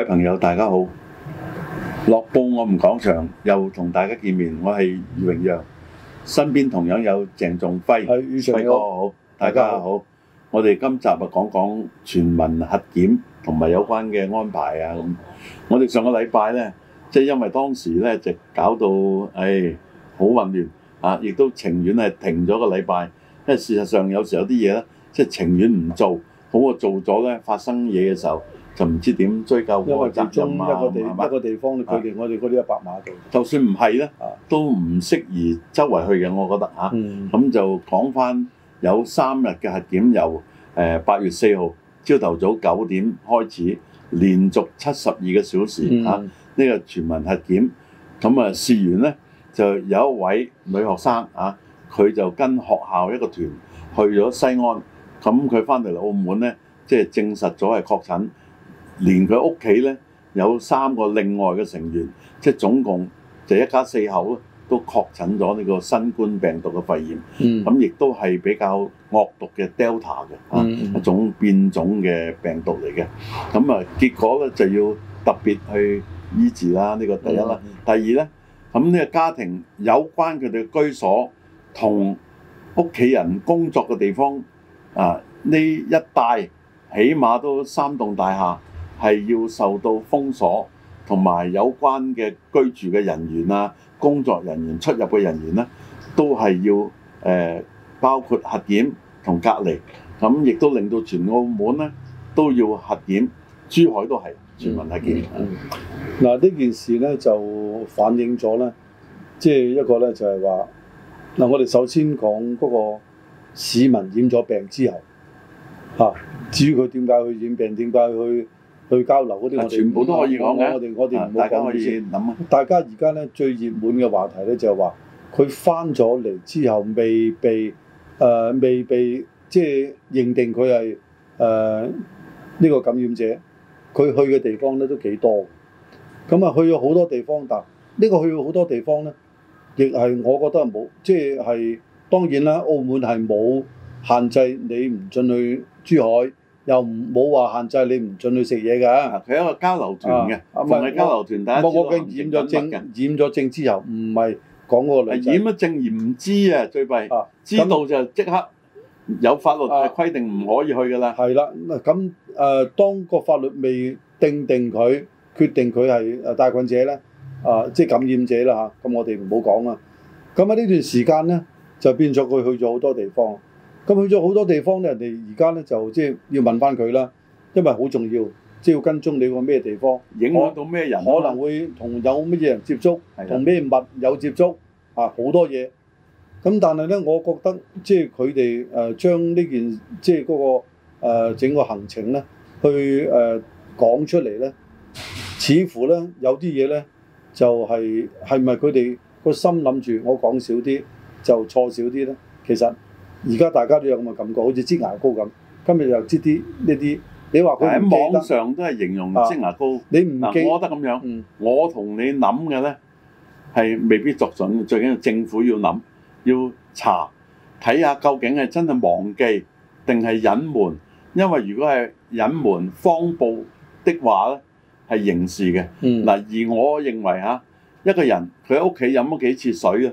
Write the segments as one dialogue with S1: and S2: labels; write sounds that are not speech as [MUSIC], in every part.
S1: 各位朋友，大家好！樂報我哋講場，又同大家見面，我係余榮陽，身邊同樣有鄭仲輝，輝哥好、呃，大家好。呃、我哋今集啊講講全民核檢同埋有關嘅安排啊咁。我哋上個禮拜呢，即係因為當時呢，就搞到，誒、哎，好混亂啊！亦都情願係停咗個禮拜，因為事實上有時候有啲嘢呢，即係情願唔做，好過做咗呢發生嘢嘅時候。就唔知點追究集、
S2: 啊、中一個哋啲一白馬嘅、啊、
S1: 就算唔係咧，都唔適宜周圍去嘅，我覺得吓，咁、啊嗯嗯、就講翻有三日嘅核檢，由誒八月四號朝頭早九點開始，連續七十二個小時嚇呢、嗯啊呢個全民核檢。咁啊試完咧，就有一位女學生啊佢就跟學校一個團去咗西安，咁佢翻嚟澳門咧，即係證實咗係確診。連佢屋企咧，有三個另外嘅成員，即係總共就一家四口都確診咗呢個新冠病毒嘅肺炎。嗯、咁亦都係比較惡毒嘅 Delta 嘅、嗯、一種變種嘅病毒嚟嘅。咁啊，結果咧就要特別去醫治啦。呢、呢個第一啦、嗯，第二咧，咁呢個家庭有關佢哋居所同屋企人工作嘅地方啊，呢一帶起碼都三棟大廈。係要受到封鎖，同埋有，有關嘅居住嘅人員啊、工作人員出入嘅人員呢，都係要誒、呃、包括核檢同隔離。咁亦都令到全澳門呢都要核檢，珠海都係全民核檢。嗱、
S2: 嗯、呢件事呢就反映咗呢，即、就、係、是、一個呢就係話嗱，我哋首先講嗰個市民染咗病之後嚇、啊，至於佢點解去染病，點解去？去交流嗰啲，那些我全部都可以講。嘅。我哋我哋唔好講講先，諗啊。大家而家咧最熱門嘅話題咧就係話佢翻咗嚟之後未被誒、呃、未被即係認定佢係誒呢個感染者。佢去嘅地方咧都幾多，咁啊去咗好多地方。嗱，呢個去咗好多地方咧，亦係我覺得冇即係係當然啦。澳門係冇限制你唔准去珠海。又冇話限制你唔進去食嘢㗎。佢係一個交流團嘅，同你交流團。唔係，我見染咗症，染咗症之後唔係講嗰個女仔。染咗症而唔知啊，最弊。
S1: 知道就即刻有法律規定唔可以去㗎啦。
S2: 係啦，咁誒，當個法律未定定佢，決定佢係誒帶菌者咧，啊，即係感染者啦嚇。咁我哋唔好講啦。咁喺呢段時間咧，就變咗佢去咗好多地方。咁去咗好多地方咧，人哋而家咧就即係要問翻佢啦，因為好重要，即係要跟蹤你個咩地方，影響到咩人、啊，可能會同有乜嘢人接觸，同咩物有接觸，啊好多嘢。咁但係咧，我覺得即係佢哋誒將呢件即係嗰個、呃、整個行程咧，去誒、呃、講出嚟咧，似乎咧有啲嘢咧就係係咪佢哋個心諗住我講少啲就錯少啲咧？其實。而家大家都有咁嘅感覺，好似擠牙膏咁。今日又擠啲呢啲，你話佢喺網上都係形容擠牙膏。啊、你唔記，我覺得
S1: 咁樣。我同你諗嘅咧係未必作準，最緊要政府要諗，要查睇下究竟係真係忘記定係隱瞞。因為如果係隱瞞，謊報的話咧，係刑事嘅。嗱、嗯，而我認為嚇一個人佢喺屋企飲咗幾次水啊，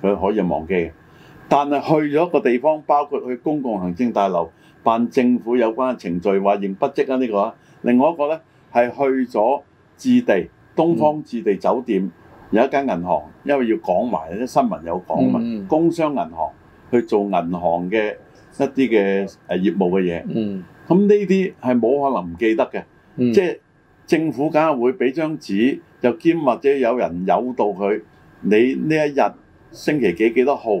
S1: 佢可以忘記嘅。但係去咗個地方，包括去公共行政大樓辦政府有關嘅程序，話認不積啊呢、呢個啊。另外一個呢，係去咗置地東方置地酒店，嗯、有一間銀行，因為要講埋啲新聞有講嘛、嗯，工商銀行去做銀行嘅一啲嘅誒業務嘅嘢。咁呢啲係冇可能唔記得嘅、嗯，即係政府梗係會俾張紙，又兼或者有人誘導佢，你呢一日星期幾幾多號？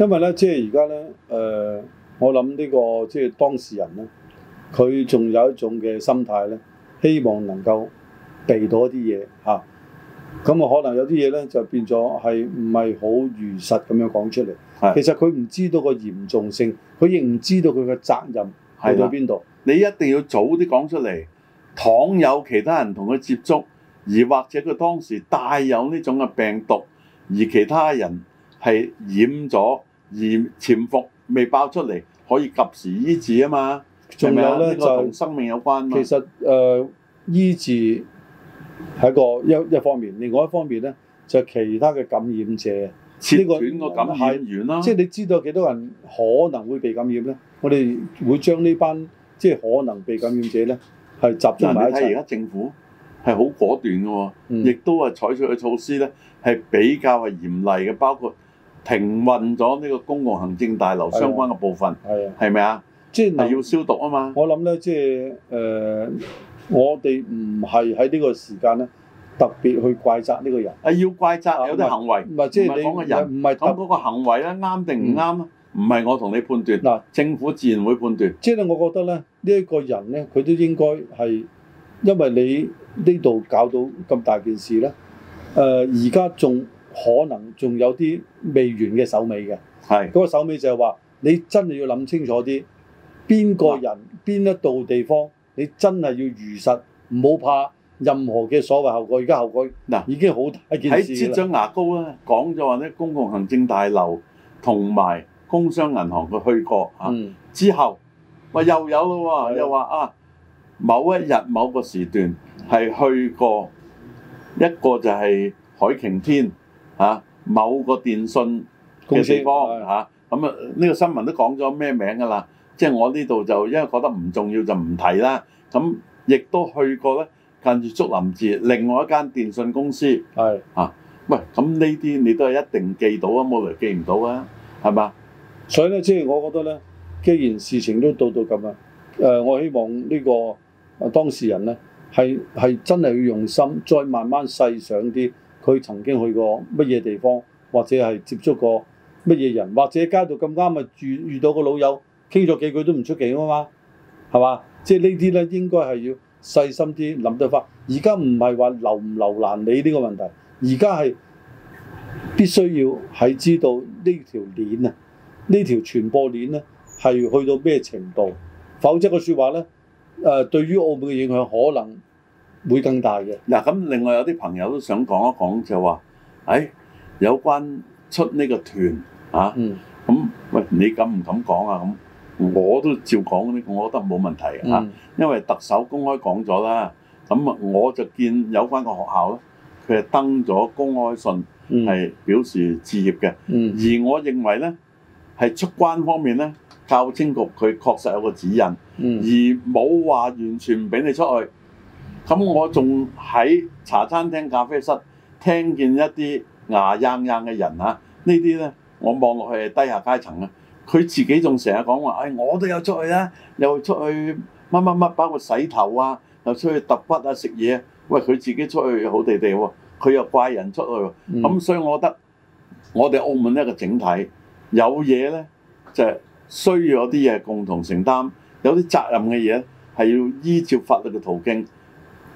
S2: 因為咧，即係而家咧，誒、呃，我諗呢、這個即係當事人咧，佢仲有一種嘅心態咧，希望能夠避到一啲嘢嚇，咁啊、嗯、可能有啲嘢咧就變咗係唔係好如實咁樣講出嚟。其實佢唔知道個嚴重性，佢亦唔知道佢嘅責任喺到邊度。你一定要早啲講出
S1: 嚟。倘有其他人同佢接觸，而或者佢當時帶有呢種嘅病毒，而其他人係染咗。而潛伏未爆出嚟，可以及時醫治啊嘛，仲有啊？呢、就是這個同生命有關。其實
S2: 誒、呃，醫治係一個一一方面，另外一方面咧，就係、是、其他嘅感染者，呢、這個這個感染源啦。即係你知道幾多人可能會被感染咧、嗯？我哋會將呢班即係、就是、可能被感染者咧，係集中埋一齊。但係而家
S1: 政府係好果斷嘅喎，亦、嗯、都係採取嘅措施咧，係比較係嚴厲嘅，包括。停運咗呢個公共行政大樓相關
S2: 嘅部分，係咪啊？即係要消毒啊嘛。我諗咧，即係誒，我哋唔係喺呢個時間咧特別去怪責呢個人。啊，要怪責有啲行為，唔係即係你唔係講個人，唔係講
S1: 嗰個行為咧，啱定唔啱啊？唔係我同你判斷嗱，政府自然會判斷。
S2: 即係我覺得咧，呢一個人咧，佢都應該係因為你呢度搞到咁大件事咧，誒而家仲可能仲有啲未完嘅手尾嘅，係嗰、嗰個手尾就係話你真係要諗清楚啲，邊個人、邊、啊、一度地方，你真係要如實，唔好怕任何嘅所謂後果。而家後果嗱已經好大件事啦。睇、啊、擠
S1: 牙膏啦，講咗話呢公共行政大樓同埋工商銀行佢去過嚇、啊嗯，之後話又有咯喎，又話啊某一日某個時段係去過一個就係海擎天，啊，某個電訊嘅地方嚇，咁啊呢個新聞都講咗咩名㗎啦？即係我呢度就因為覺得唔重要就唔提啦。咁亦都去過咧，近住竹林寺另外一間電訊公司係啊，喂，咁呢啲你都係一定記到啊，冇理由記唔到啊，係嘛？所以咧，即
S2: 係我覺得咧，既然事情都到到咁啊，誒，我希望呢個啊當事人咧係係真係要用心，再慢慢細想啲。佢曾經去過乜嘢地方，或者係接觸過乜嘢人，或者街道咁啱咪遇遇到個老友傾咗幾句都唔出奇啊嘛，係嘛？即係呢啲咧應該係要細心啲諗得翻。而家唔係話留唔留難你呢個問題，而家係必須要係知道呢條鏈啊，呢條傳播鏈咧係去到咩程度，否則嘅説話咧，誒對於澳門嘅影響可能。會更大嘅嗱，咁另外有啲朋友都想講一講就話，
S1: 誒有關出呢個團啊，咁你敢唔敢講啊？咁我都照講嗰啲，我覺得冇問題嚇，因為特首公開講咗啦，咁我就見有關個學校咧，佢係登咗公開信係表示置業嘅，而我認為咧係出關方面咧，教青局佢確實有個指引，而冇話完全唔俾你出去。咁我仲喺茶餐廳、咖啡室聽見一啲牙掹掹嘅人啊，呢啲咧我望落去係低下階層啊，佢自己仲成日講話，誒、哎、我都有出去啦，又出去乜乜乜，包括洗頭啊，又出去揼骨啊，食嘢，喂佢自己出去好地地喎、啊，佢又怪人出去喎、啊，咁、嗯、所以我覺得我哋澳門一個整體有嘢咧，就係、是、需要有啲嘢共同承擔，有啲責任嘅嘢係要依照法律嘅途徑。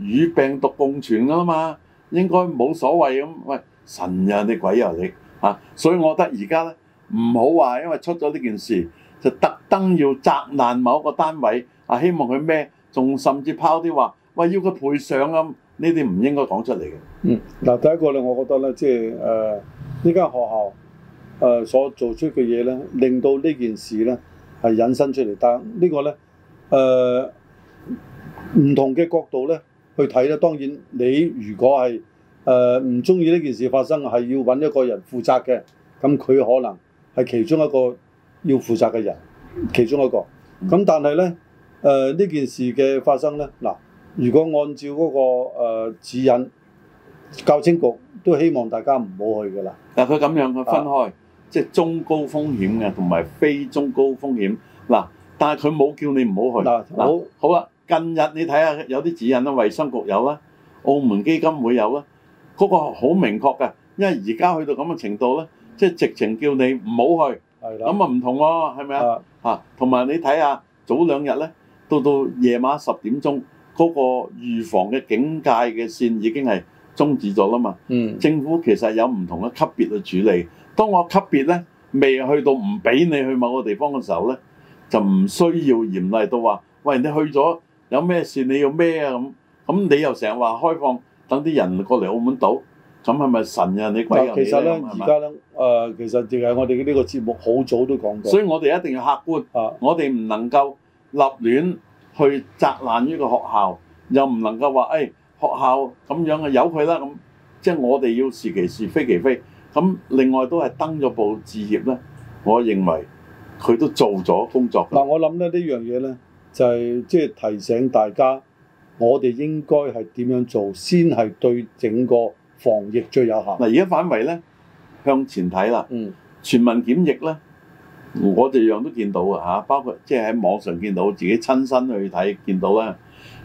S1: 與病毒共存啊嘛，應該冇所謂咁。喂，神又你，鬼又你啊！所以我覺得而家咧，唔好話，因為出咗呢件事，就特登要責難某個單位啊，希望佢咩，仲甚至拋啲話，喂要佢賠償咁，呢啲唔應該講出嚟嘅。嗯，
S2: 嗱，第一個咧，我覺得咧，即係誒呢間學校誒所做出嘅嘢咧，令到呢件事咧係引申出嚟。但呢個咧誒唔同嘅角度咧。去睇咧，當然你如果係誒唔中意呢件事發生，係要揾一個人負責嘅，咁佢可能係其中一個要負責嘅人，其中一個。咁但係咧誒呢、呃、件事嘅發生咧，嗱、呃，如果按照嗰、那個、呃、指引，教青局都希望大家唔好去噶啦。佢
S1: 咁樣去分開，即、啊、係、就是、中高風險嘅同埋非中高風險。嗱、啊，但係佢冇叫你唔好去，嗱、啊啊，好好啦。近日你睇下有啲指引啦，衛生局有啦，澳門基金會有啦，嗰個好明確㗎，因為而家去到咁嘅程度咧，即係直情叫你唔好去，係啦，咁啊唔同喎，係咪啊？嚇，同埋你睇下早兩日咧，到到夜晚十點鐘嗰個預防嘅警戒嘅線已經係終止咗啦嘛。嗯，政府其實有唔同嘅級別去處理，當我級別咧未去到唔俾你去某個地方嘅時候咧，就唔需要嚴厲到話，喂，你去咗。有咩事你要咩啊咁？咁你又成日話開放，等啲人過嚟澳門賭，咁係咪神呀、啊？你鬼人其實咧，而家咧，
S2: 誒，其實淨係、呃、我哋嘅呢個節目好早都講過。所以
S1: 我哋一定要客觀，啊、我哋唔能夠立亂去砸爛呢個學校，又唔能夠話誒、哎、學校咁樣嘅由佢啦咁。即係、就是、我哋要是其是非其非。咁另外都係登咗部志業咧，我認為佢都做咗工作。
S2: 嗱、啊，我諗咧呢樣嘢咧。這個就係即係提醒大家，我哋應該係點樣做，先係對整個防疫最有效。嗱，而家
S1: 反為咧向前睇啦、嗯，全民檢疫咧，我哋樣都見到啊嚇，包括即係喺網上見到，自己親身去睇見到啦。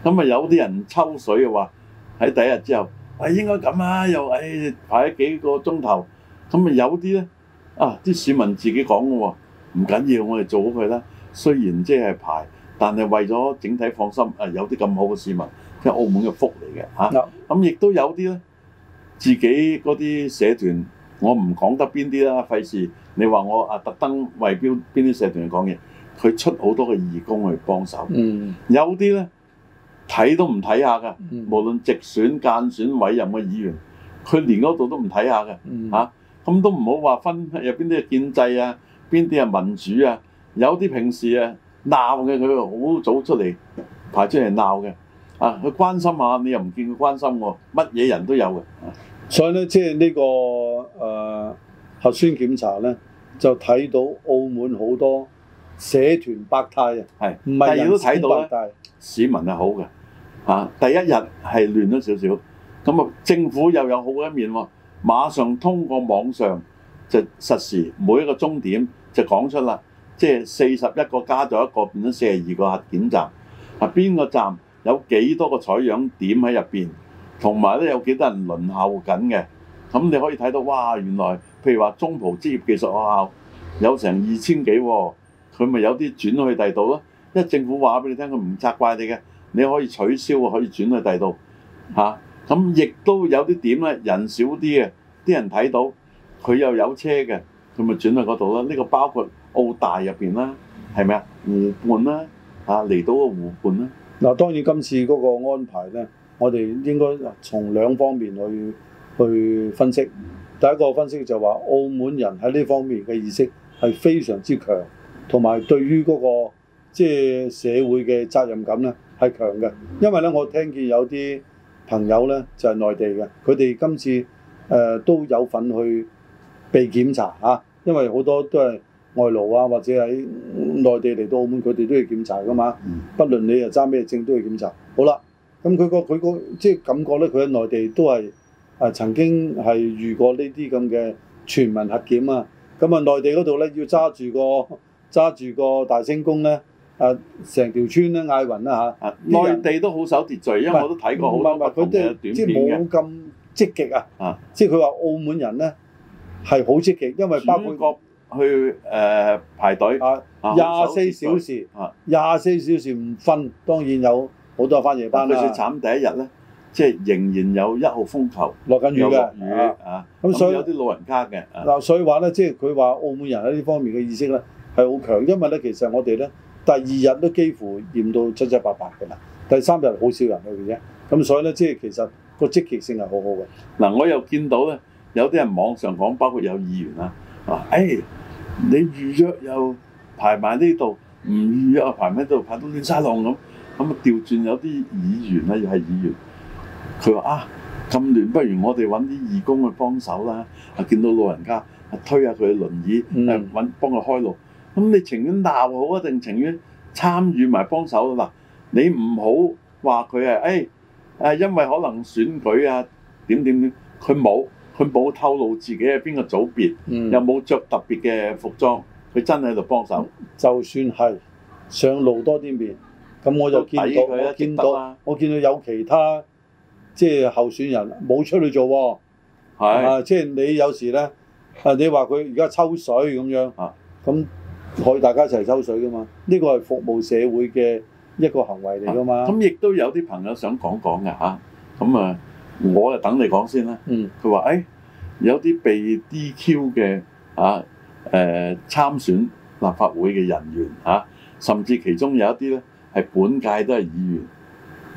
S1: 咁啊，有啲人抽水嘅話喺第一日之後，啊、哎、應該咁啦，又唉、哎、排咗幾個鐘頭，咁啊有啲咧啊啲市民自己講嘅喎，唔、啊、緊要，我哋做好佢啦。雖然即係排。但係為咗整體放心，誒有啲咁好嘅市民，即係澳門嘅福利嘅嚇。咁、嗯、亦、啊、都有啲咧，自己嗰啲社團，我唔講得邊啲啦，費事。你話我啊，特登為標邊啲社團去講嘢，佢出好多嘅義工去幫手、
S2: 嗯。
S1: 有啲咧睇都唔睇下㗎、嗯，無論直選、間選、委任嘅議員，佢連嗰度都唔睇下㗎。嚇，咁都唔好話分有邊啲係建制啊，邊啲係民主啊，有啲平時啊。鬧嘅佢好早出嚟，排出嚟鬧嘅，啊，佢關心下你又唔見佢關心喎，乜嘢人都有嘅。
S2: 所以咧，即係呢個誒、呃、核酸檢查咧，就睇到澳門好多社團百態啊，係，唔係都睇到咧，
S1: 市民係好嘅。啊，第一日係亂咗少少，咁啊，政府又有好嘅一面喎，馬上通過網上就實時每一個鐘點就講出啦。即係四十一個加咗一個變咗四十二個核檢站，啊，邊個站有幾多個採樣點喺入邊，同埋咧有幾多人輪候緊嘅，咁你可以睇到哇，原來譬如話中葡職業技術學校有成二千幾，佢咪有啲轉去第度咯，因為政府話俾你聽佢唔責怪你嘅，你可以取消可以轉去第度嚇，咁亦都有啲點咧人少啲嘅，啲人睇到佢又有車嘅，佢咪轉去嗰度咯，呢個包括。澳大入邊啦，係咩？啊？來湖畔啦，嚇嚟到個湖畔
S2: 啦。嗱，當然今次嗰個安排咧，我哋應該從兩方面去去分析。第一個分析就話，澳門人喺呢方面嘅意識係非常之強，同埋對於嗰、那個即係社會嘅責任感咧係強嘅。因為咧，我聽見有啲朋友咧就係、是、內地嘅，佢哋今次誒、呃、都有份去被檢查嚇、啊，因為好多都係。外勞啊，或者喺內地嚟到澳門，佢哋都要檢查噶嘛、嗯。不論你又揸咩證，都要檢查。好啦，咁佢個佢個即係感覺咧，佢喺內地都係啊曾經係遇過呢啲咁嘅全民核檢啊。咁啊，內地嗰度咧要揸住個揸住個大聲公咧啊，成條村咧嗌勻啦嚇。內、啊、地
S1: 都好守秩序、啊，因為我都睇過好乜，佢哋即係冇
S2: 咁積極啊。即係佢話澳門人咧係好積極，因為包
S1: 括。去誒、呃、排隊啊，廿四小時，
S2: 廿、啊、四小時唔瞓、啊，當然有好多翻夜班啦、啊。咁最慘，第一日咧，即、就、係、是、仍然有一號風球，落緊雨嘅。雨啊，咁、啊、所以有啲老人
S1: 家嘅。嗱、
S2: 啊啊，所以話咧，即係佢話澳門人喺呢方面嘅意識咧係好強，因為咧其實我哋咧第二日都幾乎驗到七七八八嘅啦，第三日好少人去嘅啫。咁所以咧，即、就、係、是、其實個積極性係好好嘅。
S1: 嗱、啊，我又見到咧有啲人網上講，包括有議員啦，啊，誒、哎。你預約又排埋呢度，唔預約啊排埋呢度，排到亂晒浪咁，咁啊調轉有啲議員啊又係議員，佢話啊咁亂，不如我哋搵啲義工去幫手啦。啊見到老人家啊推下佢嘅輪椅，搵、嗯、幫佢開路。咁你情願鬧好啊，定情願參與埋幫手啦嗱，你唔好話佢係誒誒，因為可能選舉啊點點點，佢冇。佢冇透露自己係邊個組別，
S2: 嗯、又冇着特別嘅服裝，佢真係喺度幫手。就算係上路多啲面，咁、嗯、我就見到，我見到，我見到有其他即係候選人冇出去做喎、啊。啊，即係你有時咧，啊你話佢而家抽水咁樣，咁可以大家一齊抽水噶嘛？呢個係服務社會嘅一個行為嚟噶嘛？咁、
S1: 啊、亦、啊、都有啲朋友想講講嘅嚇，咁啊。嗯我就等你講先啦。嗯。佢、哎、話，誒有啲被 DQ 嘅啊，誒、呃、參選立法會嘅人員啊，甚至其中有一啲咧係本屆都係議員，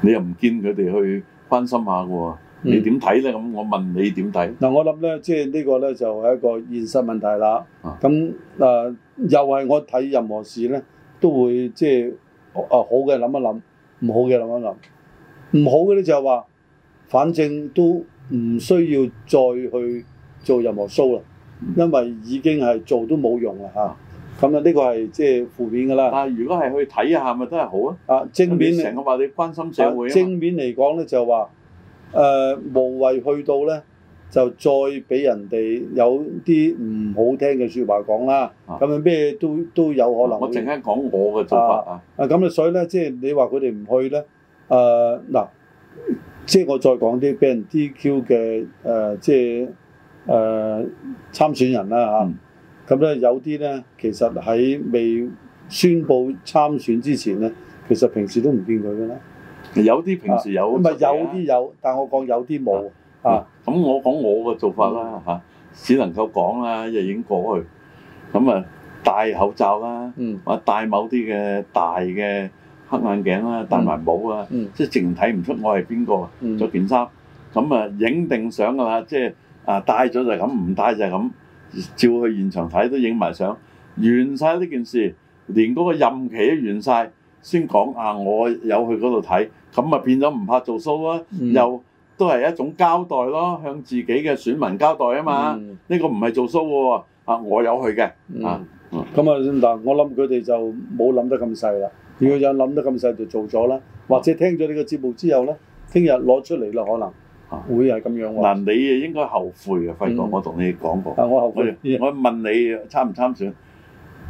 S1: 你又唔見佢哋去關心下嘅喎？你點睇咧？咁、嗯、我問你點睇？
S2: 嗱、嗯，我諗咧，即係呢個咧就係一個現實問題啦。啊。咁啊、呃，又係我睇任何事咧，都會即係、就是、啊好嘅諗一諗，唔好嘅諗一諗，唔好嘅咧就係話。反正都唔需要再去做任何 show 啦，因為已經係做都冇用啦嚇。咁啊，呢個係即係負面㗎啦。啊，這這是是但如果係去睇一下，咪都係好啊。啊，正面成個話你關心社會、啊。正面嚟講咧，就話誒、呃、無謂去到咧，就再俾人哋有啲唔好聽嘅説話講啦。咁啊，咩都都有可能。我淨係講我嘅做法啊。啊，咁啊，所以咧，即係你話佢哋唔去咧，誒、呃、嗱。即係我再講啲俾人 DQ 嘅誒，即係誒、呃、參選人啦嚇。咁、嗯、咧、嗯、有啲咧，其實喺未宣佈參選之前咧，其實平時都唔見佢嘅咧。有啲平時有，唔、啊、係有啲有，有，但我講有啲冇、嗯、啊。咁、嗯、我講
S1: 我嘅做法啦嚇、嗯，只能夠講啦，日已經過去。咁啊，戴口罩啦，或、嗯、者戴某啲嘅大嘅。戴眼鏡啦，戴埋帽啊，即係淨係睇唔出我係邊個着件衫咁啊！影定相噶啦，即係啊戴咗就咁，唔戴就係咁。照去現場睇都影埋相，完曬呢件事，連嗰個任期都完曬，先講啊！我有去嗰度睇，咁啊變咗唔怕做 show 啊，又都係一種交代咯，向自己嘅選民交代啊嘛。呢個唔係做 show
S2: 喎，啊我有去嘅啊，咁啊先嗱，我諗佢哋就冇諗得咁細啦。如果有人諗得咁細就做咗啦，啊，或者聽咗呢個節目之後咧，聽日攞出嚟啦，可能會係咁樣喎。嗱，啊，你
S1: 誒應該後悔啊，費哥。嗯，我同你
S2: 講過。啊，我後悔。
S1: 我，我問你參唔參選？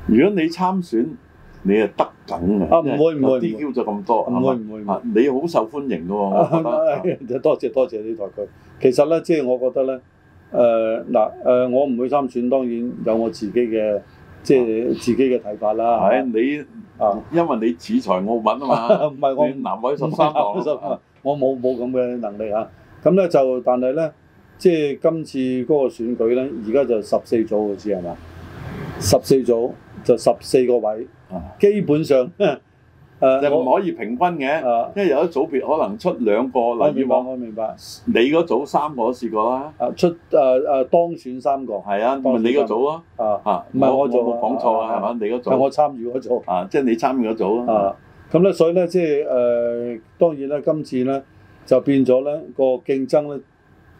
S1: 如果你參選，你誒得緊啊！啊，唔會唔會。DQ
S2: 咗咁多，唔，啊，會唔會，會，會，會。你好受歡迎㗎喎，我覺得。多謝多謝你抬舉。佢其實咧，即係我覺得咧，誒嗱誒，我唔會參選，當然有我自己嘅。即係自己嘅睇法啦。係、啊，你啊，因為你恃才傲物啊嘛。唔 [LAUGHS] 係我南海十三個，我冇冇咁嘅能力啊。咁咧就，但係咧，即係今次嗰個選舉咧，而家就十四組好似係嘛？十四組就十、是、四個位， [LAUGHS] 基本上。
S1: [LAUGHS] 誒、啊、唔可以平均嘅、啊，因為有一組別可能出兩個，例如我，我、啊、明白。你嗰組三個都試過啦、啊。出誒誒、啊、當選三個，係啊，當選就是、你嗰組咯。啊，唔係我冇講錯啊，係嘛？你嗰組係我參與嗰組。啊，即係你參與嗰組啊。咁咧，啊啊就
S2: 是啊啊啊嗯、所以咧，即、就、係、是呃、當然咧，今次咧就變咗咧、個競爭咧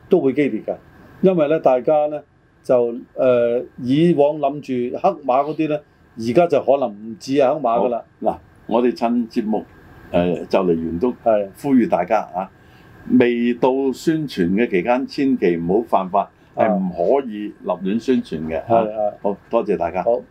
S2: 都會激烈㗎，因為咧大家咧就、呃、以往諗住黑馬嗰啲咧，而家就可能唔止係黑馬㗎啦。嗱。我哋趁節目誒、呃、就嚟完都，呼籲大家嚇、啊、未
S1: 到宣傳嘅期間，千祈唔好犯法，係、啊、唔可以立亂宣傳嘅。係、啊啊、好多謝大家。好。